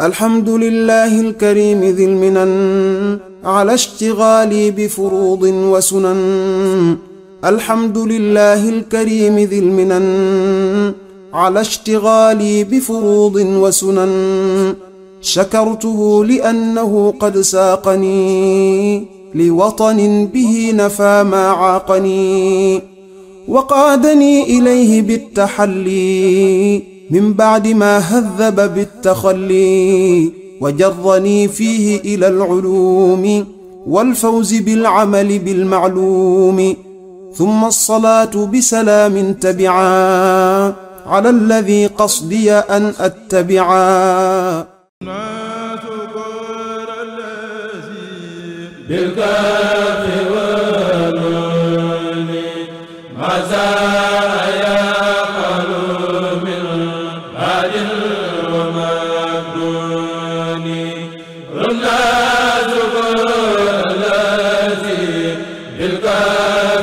الحمد لله الكريم ذي المنن على اشتغالي بفروض وسنن الحمد لله الكريم ذي المنن على اشتغالي بفروض وسنن شكرته لأنه قد ساقني لوطن به نفى ما عاقني وقادني إليه بالتحلي من بعد ما هذب بالتخلي وجرني فيه إلى العلوم والفوز بالعمل بالمعلوم ثم الصلاة بسلام تبعا على الذي قصدي أن أتبعا بالكافر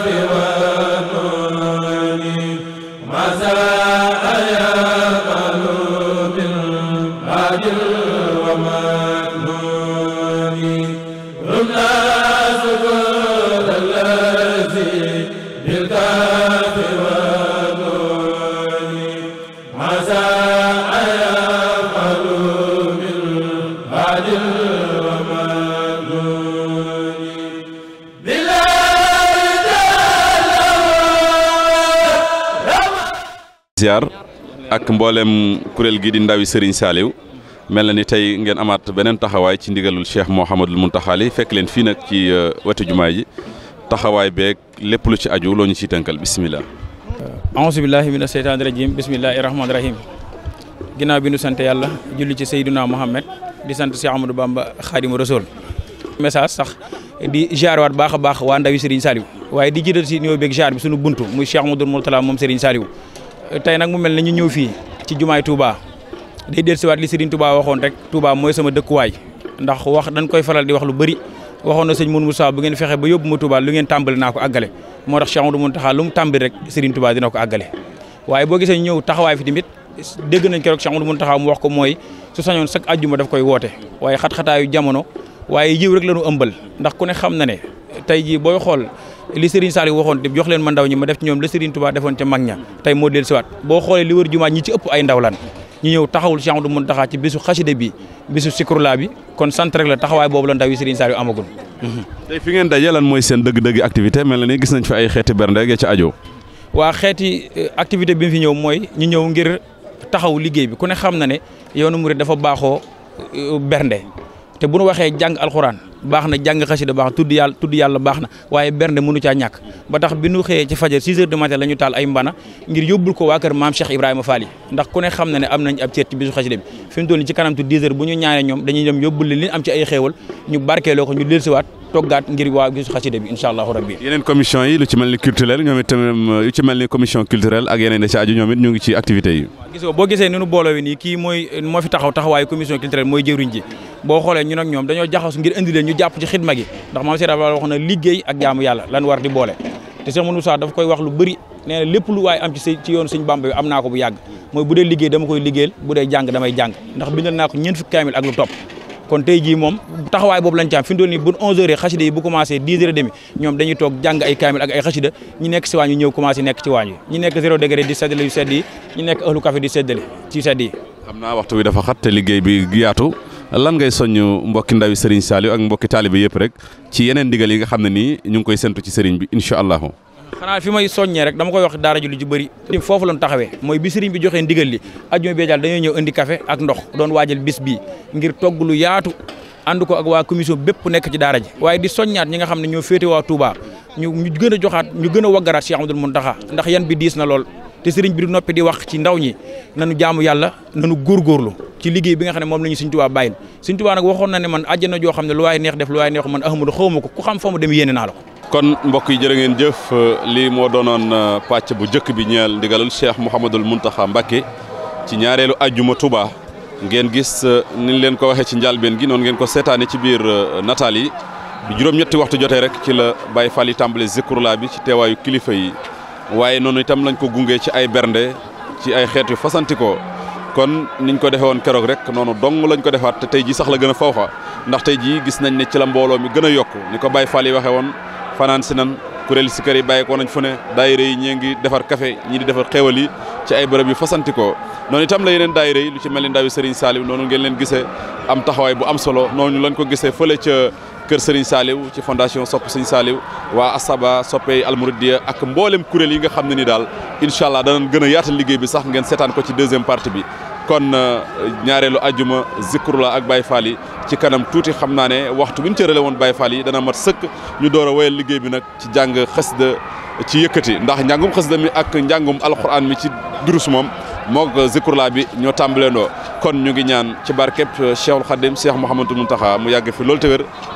fi wa ziar ak mboolem kuréel gi di ndawi Serigne Saliou mel na ni tey ngeen amaat beneen taxawaay ci ndigalul Cheikh Mouhamadul Muntaxaali fekk leen fii nag ci euh, wetu jumaa ji taxawaay beeg lépp lu ci aju loo ñu ciy tënkal bisimilah. auzu billahi mina seytaani rajim bisimilahi rahmaani rahim ginaaw bi nu sant yàlla julli ci Seydina Mohamed di sant Cheikh Amadou Bamba Xaadimu Rasul message sax di jaar waat baax a baax waa ndawi Serigne Saliou waaye di jiital si nuyoo beeg sunu buntu muy Cheikh Mouhamadul Mourtala moom Serigne tey nag mu mel ne ñu ñëw fii ci jumaay Touba day dellusiwaat li Serigne Touba waxoon rek Touba mooy sama dëkkuwaay ndax wax dañ koy faral di wax lu bëri waxoon na sëñ Mourou Moussa bu ngeen fexe ba yóbbu ma Touba lu ngeen tàmbali naa ko àggale moo tax Cheikh mun Mountakha lu mu tàmbali rek Serigne Touba dina ko àggale waaye boo gisee ñëw taxawaay fi tamit dégg nañ keroog Cheikh Amadou Mountakha mu wax ko mooy su sañoon chaque àjjuma daf koy woote waaye xat-xataayu jamono waaye yiw rek la ñu ëmbal ndax ku ne xam na ne tey jii booy xool li Serigne Saliou waxoon te jox leen ma ndaw ñi ma def ci ñoom la Serigne Touba defoon ca mag ña tey moo del siwaat boo xoolee li wër jumaa ñi ci ëpp ay ndaw lan ñu ñëw taxawul Cheikh Amadou Mountakha ci bisu kon sant rek la taxawaay boobu la ndaw yi Serigne Saliou amagul tey fi ngeen daje lan mooy seen dëgg-dëgg activité mel na ni gis nañ fi ay xeeti bernde ak ca ajo waa xeeti euh, activité bi mu fi ñëw mooy ñu ñëw ngir taxaw liggéey bi ku ne xam na ne yoonu murid dafa baaxoo euh, bernde te bu ñu waxee jàng alxuraan baax na jàng xasida baax tudd yàlla tudd yàlla baax na waaye bernde mënu caa ñàkk ba tax bi nu xëyee ci fajar 6 heures du matin la ñu taal ay mbana ngir yóbbul ko waa kër maam Cheikh Ibrahima Fall yi ndax ku ne xam na ne am nañ ab ceet ci bisu xasida bi fi mu toll nii ci kanam tu 10 heures bu ñu ñaanee ñoom dañuy dem yóbbul li ñu am ci ay xéewal ñu barkeeloo ko ñu waat toggaat ngir waa gisu xasida bi incha allahu rabbi yeneen commission yi lu ci mel ni culturel ñoom itam it ñu ngi ci activités yi gisoo boo gisee ni nu booloo wi nii kii mooy moo fi taxaw taxawaayu commission culturelle mooy jëriñ ji boo xoolee ñun ak ñoom dañoo jaxasu ngir indi ñu jàpp ci xidma gi ndax maam Seydou Abdoulaye wax na liggéey ak jaamu yàlla lan war di boole te Cheikh Moussa dafa koy wax lu bëri nee na lépp lu waaye am ci ci yoonu sëñ Bamba bi am naa ko bu yàgg mooy bu dee liggéey dama koy liggéeyal bu dee jàng damay jàng ndax naa ko kon tey jii moom taxawaay boobu lañ ci am fi mu doon nii bu 11h xasida yi bu commencé 10h30 ñoom dañuy toog jàng ay kaamil ak ay xasida ñi nekk si waañ ñëw commencé nekk ci waañ yi ñi nekk zéro degré di seddale yu sedd yi ñi nekk ahlu café di seddale ci sedd yi xam naa waxtu wi dafa xat te liggéey bi yaatu lan ngay soññ mbokki ndawi Serigne saali ak mbokki taalibe yëpp rek ci yeneen ndigal yi nga xam ne nii ñu ngi koy sentu ci Serigne bi incha allahu xanaa fi may soññee rek dama koy wax daara ji lu ci bëri foofu lañ taxawee mooy bi sëriñ bi joxee ndigal li ajuma bee daal dañoo ñëw indi café ak ndox doon waajal bis bi ngir togg lu yaatu and ko ak waa commission bépp nekk ci daara ji waaye di soññaat ñi nga xam ne ñoo féete waa Touba ñu ñu gën a joxaat ñu gën a waggaraat Cheikh Amadou Mountakha ndax yan bi diis na lool te sëriñ bi du noppi di wax ci ndaw ñi nanu jaamu yàlla nanu góorgóorlu ci liggéey bi nga xam ne ne man àjjana joo xam ne lu waay neex ko kon mbokk yi jërë ngeen jëf euh, lii moo doonoon euh, pàcc bu njëkk bi ñeel ndigalul cheikh Mouhamadul Mountakha Mbacké ci ñaareelu ajjuma Touba ngeen gis euh, niñ leen ko waxee ci njàlbeen gi noonu ngeen ko seetaane ci biir nataal yi bi juróom-ñetti waxtu jotee rek ci la Baye fal yi tàmbali zikrulaa bi ci teewaayu kilifa yi waaye noonu itam lañ ko gunge ci ay bernde ci ay xeet yu fasantikoo kon niñ ko defee woon keroog rek noonu dong lañ ko defaat te tey ji sax la gën a fawxa ndax gis nañ ne ci la mbooloo mi gën a yokk ni ko Baye Fall yi waxee woon fanaan si nan kuréel si kër yi bàyyi ko fu ne daayira yi ñii ngi defar kafe ñii di defar xéwal yi ci ay bërëb yu fasanti noonu itam la yeneen daayira yi lu ci mel ni ndawi Serigne Saliou noonu ngeen leen gisee am taxawaay bu am solo noonu lañ ko gisee fële ca kër Serigne Saliou ci fondation sopp Serigne saaliw waa Asaba soppey Almouridiya ak mboolem kuréel yi nga xam ne ni daal incha allah danañ gën a yaatal liggéey bi sax ngeen seetaan ko ci deuxième partie bi kon euh, ñaareelu ajjuma zikrula ak Baye Fall yi ci kanam tuuti xam naa ne waxtu bi ñu cërale woon Baye Fall yi dana mat sëkk ñu doora a liggéey bi nag ci jàng xasida ci yëkkati ndax njàngum xasida mi ak njàngum alxuraan mi ci durus moom moog Zikrullah bi ñoo tàmbaleendoo kon ñu ngi ñaan ci barkeb euh, Cheikhul Khadim Cheikh Mouhamadou Mountakha mu yàgg fi loolu te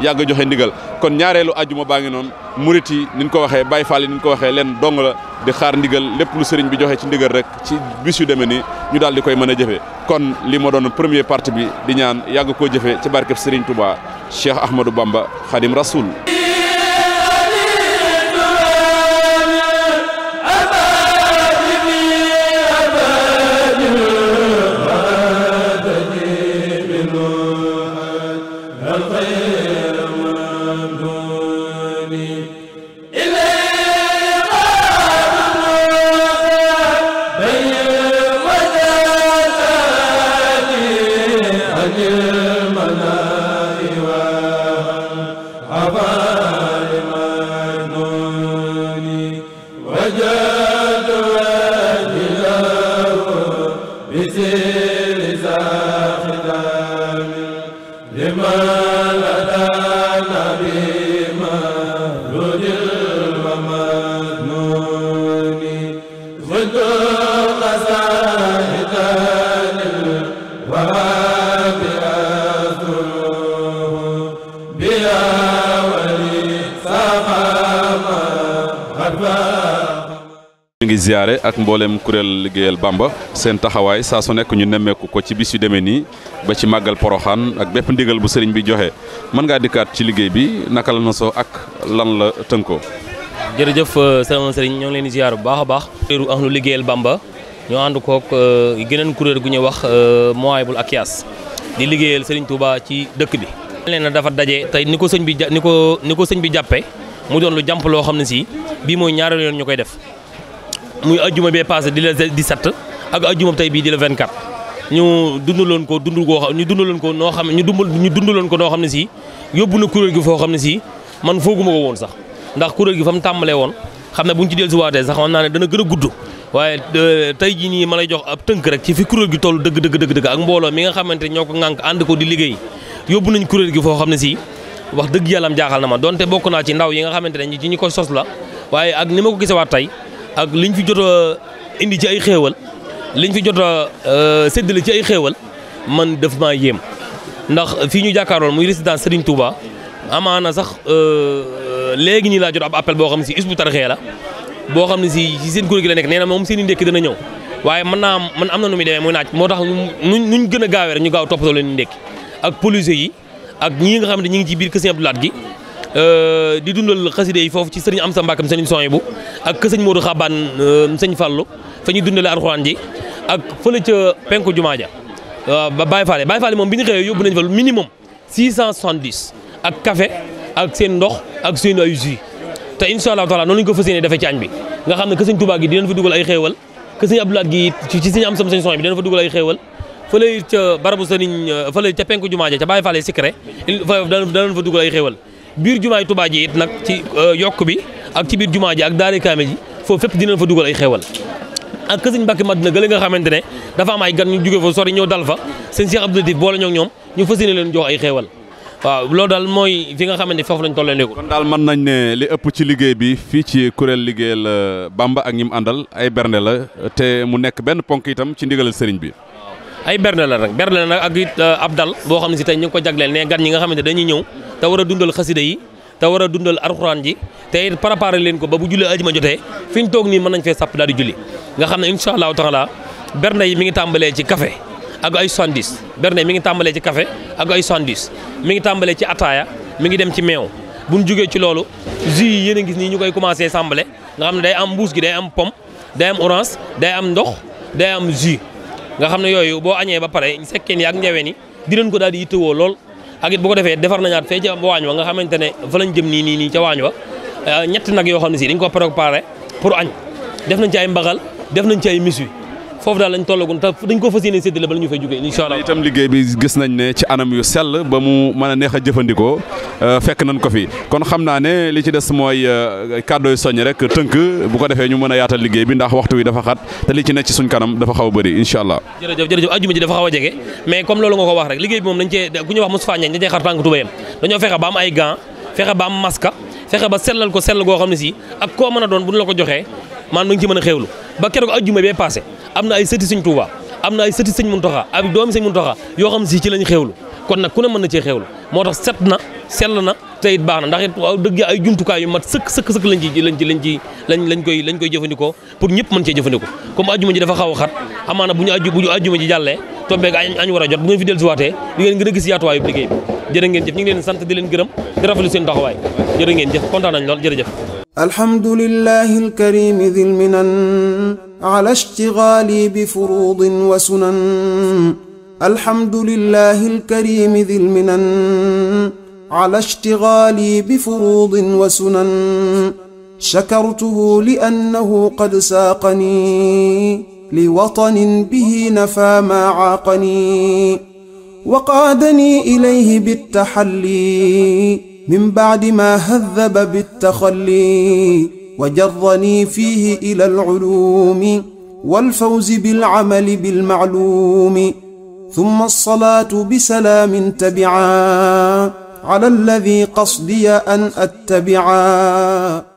yàgg joxe ndigal kon ñaareelu àjjuma baa ngi noonu murit yi ni ñu ko waxee Baye Fall yi ni ko waxee leen dong la di xaar ndigal lépp lu sëriñ bi joxe ci ndigal rek ci bis yu demee nii ñu daal di koy mën a jëfee kon lii ma doon premier partie bi di ñaan yàgg koo jëfee ci barkeb Serigne Touba Cheikh Ahmadou Bamba Khadim rasuul waa ngi ziare ak mbooleem kuréel liggéeyal Bamba seen taxawaay saa su nekk ñu nemmeeku ko ci bis yu demee nii ba ci màggal poroxaan ak bépp ndigal bu sëriñ bi joxe mën ngaa dikkaat ci liggéey bi naka la na soo ak lan la tënkoo. jërëjëf euh, sama sëriñ ñoo ngi leen di ziar baax a baax. kuréelu ahlu liggéeyal Bamba ñoo ànd koog euh, geneen kuréel gu ñuy wax euh, Mouwahiboul Akyaas di liggéeyal sëriñ Touba ci dëkk bi. leen na dafa daje tey ni ko sëñ bi ni ko ni ko sëñ bi jàppee mu doon lu jàmp loo xam ne si bii mooy ñaareelu muy ajjuma bee passé di la sat ak ajjuma tey bii di la 24 ñu dundaloon ko dundul koo xam ñu dundaloon ko noo xam ñu dundal ñu dundaloon ko noo xam ne si yóbbu na kuréel gi foo xam ne si man fooguma ko woon sax ndax kuréel gi fa mu tàmbalee woon xam ne bu ñu ci dellusiwaatee sax xam naa ne dana gën a gudd waaye euh, tey jii nii ma lay jox ab tënk rek ci fi kuréel gi toll dëgg dëgg dëgg dëgg ak mbooloo mi nga xamante ñoo ko ŋànk ànd ko di liggéey yóbbu nañ kuréel gi foo xam ne si wax dëgg yàlla am na ma donte bokk naa ci ndaw yi nga xamante ne ñi ci ñi ko sos la waaye ak ni ma ko tey ak liñ fi jot a indi ci ay xéewal liñ fi jot a euh, séddale ci ay xéewal man def maa yéem ndax fii ñu jàkkaaroon muy résidence Serigne Touba amaana sax euh, léegi nii laa jot ab appel boo xam ne si Hizbut Tarqiyyah la boo xam ne si si seen kuréel gi la nekk nee na moom seen i dana ñëw waaye mën naa man am na nu muy demee muy naaj moo tax nuñ nuñ gën a gaawee ñu gaaw toppatoo leen ndékki ak policiers yi ak ñi nga xam ne ñi ngi ci biir kër Sëñ Abdou Lahad gi Euh, di dundal xaside yi foofu ci sëriñ Amsa Mbàkkam sëriñ Soyibu ak kër sëñ Modou Xabaan euh, sëñ Fallou fa ñuy dundale alxuraan ji ak fële ca penku jumaa ja ba Baye Fall Baye Fall moom bi ñu xëyee yóbbu nañ fa minimum ak café ak seen ndox ak seen ay jus te incha allahu taala noonu lañ ko fas yéene defee bi nga xam ne que sëñ Touba gi dinañ fa dugal ay xéewal que sëñ gi ci sëñ am sam sëñ son bi dinañ fa dugal ay xéewal fële ca barabu ja ca Baye Fall Sikre danañ biir jumaay Touba ji it nag ci euh, yokk bi ak ci biir jumaa ji ak daare kaamil ji foofu fépp dinañ fa dugal ay xéewal ak kër sëñ Mbàkke Madina gële nga xamante ne dafa am ay gan ñu jóge fa sori ñëw dal fa sëñ Cheikh Abdou Latif boole ñoom ñoom ñu fas yéene leen jox ay xéewal waaw loo daal mooy fi nga xamante ne foofu lañ tollee léegi kon daal man nañ ne li ëpp ci liggéey bi fii ci kuréel liggéeyal euh, Bamba ak ñi mu àndal ay bernde la te mu nekk benn ponk itam ci ndigalal sëriñ bi ay berne la nag berne la nag ak it euh, ab dal boo xam ne si tey ñu ngi ko jagleel ne gan ñi nga xamante dañuy ñëw te war a dundal xasida yi te war a dundal alxuraan ji te it leen ko ba bu julli ajuma jotee fi ñu toog nii mën nañ fee sàpp daal di julli nga xam ne incha allahu taala berne yi mi ngi tàmbalee ci kafe ak ay 70 berne mi ngi tàmbalee ci kafe ak ay 70 mi ngi tàmbalee ci ataaya mi ngi dem ci meew bu ñu jógee ci loolu jus yi yéen nii ñu koy commencé sàmbale nga xam day am mbuus gi day am pomme day am orange day am ndox day am nga xam ne yooyu boo añee ba pare sekkeen yi ak njaween yi di leen ko daal di yittewoo lool ak it bu ko defee defar nañaat fee ca waañ wa nga xamante ne fa lañ jëm nii nii nii ca waañ wa euh, ñett nag yoo xam ne si dañ ko préparé pour añ def na ci ay def nañ ci ay foofu daal lañ tollagum te dañ ko fas yéene séddale ba la ñu fay jógee incha itam liggéey bi gis nañ ne ci anam yu sell ba mu mën a neex a jëfandikoo euh, fekk nañ ko fi kon xam naa ne li ci des mooy euh, kàddooy soñ rek tënk bu ko defee ñu mën a yaatal liggéey bi ndax waxtu wi dafa xat te li ci ne ci suñ kanam dafa xaw a bëri incha allah jërëjëf jërëjëf ajuma ji dafa xaw a jege mais comme loolu nga ko wax rek liggéey bi moom dañ cee ku ñu wax Moustapha Niagne dañ cee xar tànk fexe ba sellal ko sell goo xam ne si ak koo mën a doon bu ñu la ko joxee maanaam da nga ci mën a xéewlu ba keroog ajjuma bee passé am na ay sëti sëñ Tuuba am na ay sëti sëñ Muntaxa ak doomi sëñ Muntaxa yoo xam ne si ci lañ xéewlu kon nag ku ne mën na cee xéewlu moo tax set na sell na te it baax na ndax it dëgg ay jumtukaay yu mat sëkk sëkk sëkk lañ ci lañ ci lañ ci lañ koy jëfandikoo pour ñëpp mën cee jëfandikoo comme ajjuma ji dafa xaw a xat amaana bu ñu ajju bu ñu ajjuma ji jàllee tombeeg añ añ war a jot bu ngeen fi dellusiwaatee di ngeen gën a gis yaatuwaayu liggéey bi jërë ngeen jëf ñu ngi leen sant di leen gërëm di rafetlu seen taxawaay jërë ngeen jëf kontaan nañ lool jërëjëf الحمد لله الكريم ذي المنن على اشتغالي بفروض وسنن الحمد لله الكريم ذي المنن على اشتغالي بفروض وسنن شكرته لأنه قد ساقني لوطن به نفى ما عاقني وقادني إليه بالتحلي من بعد ما هذب بالتخلي وجرني فيه إلى العلوم والفوز بالعمل بالمعلوم ثم الصلاة بسلام تبعا على الذي قصدي أن أتبعا